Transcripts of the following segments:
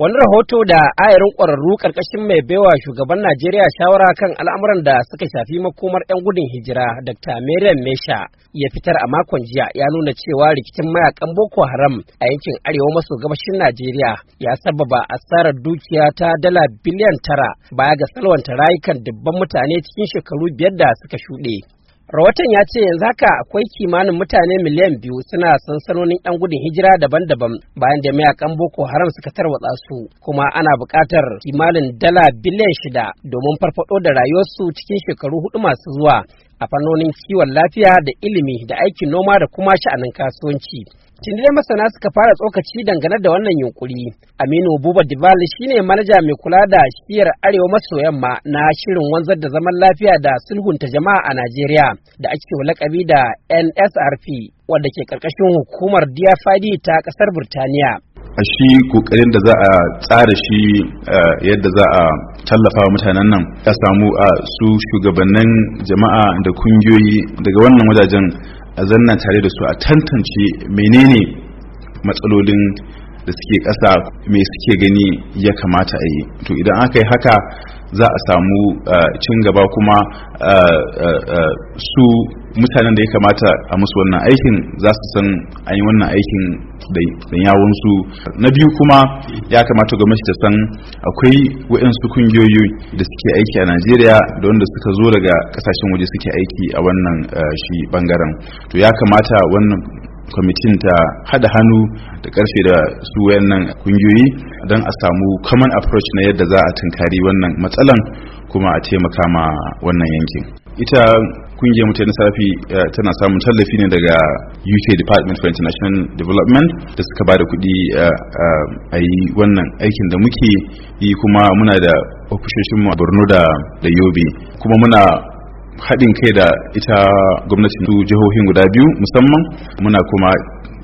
Wani rahoto da ayarin ƙwararru ƙarƙashin mai baiwa shugaban Najeriya shawara kan al'amuran da suka shafi makomar 'yan gudun hijira Dr. Maryam Mesha ya fitar a makon jiya ya nuna cewa rikicin mayakan Boko Haram a yankin arewa maso gabashin Najeriya ya sababa asarar dukiya ta dala biliyan tara baya ga salwanta rayukan dubban mutane cikin shekaru biyar da suka shuɗe. Rawatan ya ce yanzu haka akwai kimanin mutane miliyan biyu suna sansanonin 'yan gudun hijira daban-daban bayan da mayakan Boko Haram suka tarwatsa su kuma ana buƙatar kimanin dala biliyan shida domin farfado da rayuwarsu cikin shekaru hudu masu zuwa a fannonin kiwon lafiya da ilimi da aikin noma da kuma sha'anin kasuwanci. Tun da masana suka fara tsokaci dangane da wannan yunkuri. Aminu Buba Dibal shine manaja mai kula da shiyar Arewa maso yamma na shirin wanzar da zaman lafiya da sulhunta jama'a a Najeriya da ake lakabi da NSRP wadda ke karkashin hukumar DFID ta kasar Burtaniya. A shi kokarin da za a tsara shi yadda za a tallafa wa mutanen nan a samu a su shugabannin jama'a da kungiyoyi daga wannan wajajen a zanna tare da su a tantance menene matsalolin da suke ƙasa me suke gani ya kamata a yi to idan aka yi haka za a samu eh, cin gaba kuma eh, eh, su mutanen da ya kamata a musu wannan aikin za su san an yi wannan aikin da yawonsu na biyu kuma ya kamata gwamnati ta san akwai waɗansu kungiyoyi da suke aiki a najeriya da wanda suka zo daga kasashen waje suke aiki a wannan shi bangaren to ya kamata wannan kwamitin ta hada hannu da karfe da su wayannan kungiyoyi don a samu common approach na yadda za a tunkari wannan matsalan kuma a taimaka ma wannan yankin ita kungiyar mutane safi eh, tana samun tallafi ne daga UK Department for International Development da suka ba da kuɗi eh, eh, a yi wannan aikin da muke yi kuma muna da ofishoshinmu a Borno da Yobe kuma muna haɗin kai da ita gwamnatin jihohin guda biyu musamman muna kuma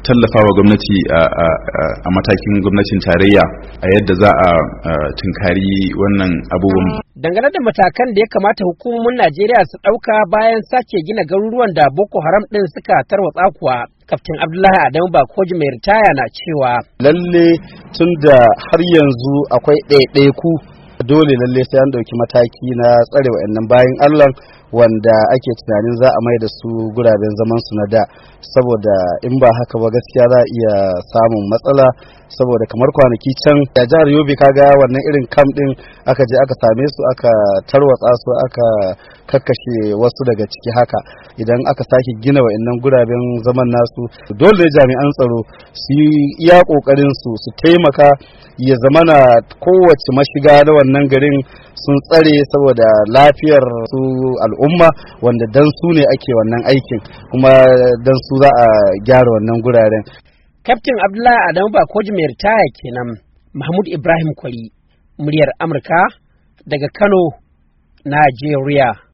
tallafawa gwamnati a matakin gwamnatin tarayya a yadda za a tunkari wannan abubuwan. Dangane da matakan da ya kamata hukumomin Najeriya su ɗauka bayan sake gina garuruwan da Boko Haram ɗin suka tarwatsa kuwa. Kaftin Abdullahi Adamu ba koji mai ritaya na cewa. Lalle tun da har yanzu akwai ɗaiɗaiku dole lalle sai an ɗauki mataki na tsare wa'annan bayan Allah wanda ake tunanin za a mai da su guraben zaman su na da saboda in ba haka ba gaskiya za a iya samun matsala saboda kamar kwanaki can a jihar yobe kaga wannan irin kam din aka je aka same su aka tarwatsa su aka kakkashe wasu daga ciki haka idan aka sake gina wa'annan guraben zaman nasu dole jami'an tsaro su iya kokarin su su taimaka ya zamana kowace mashiga na wannan garin sun tsare saboda lafiyar su al'umma wanda dan su ne ake wannan aikin kuma dan su za a gyara wannan guraren Kaftin Abdullahi Adamu ba koji mai ritaya kenan Mahmud Ibrahim Kwari, muryar Amurka daga Kano, Najeriya.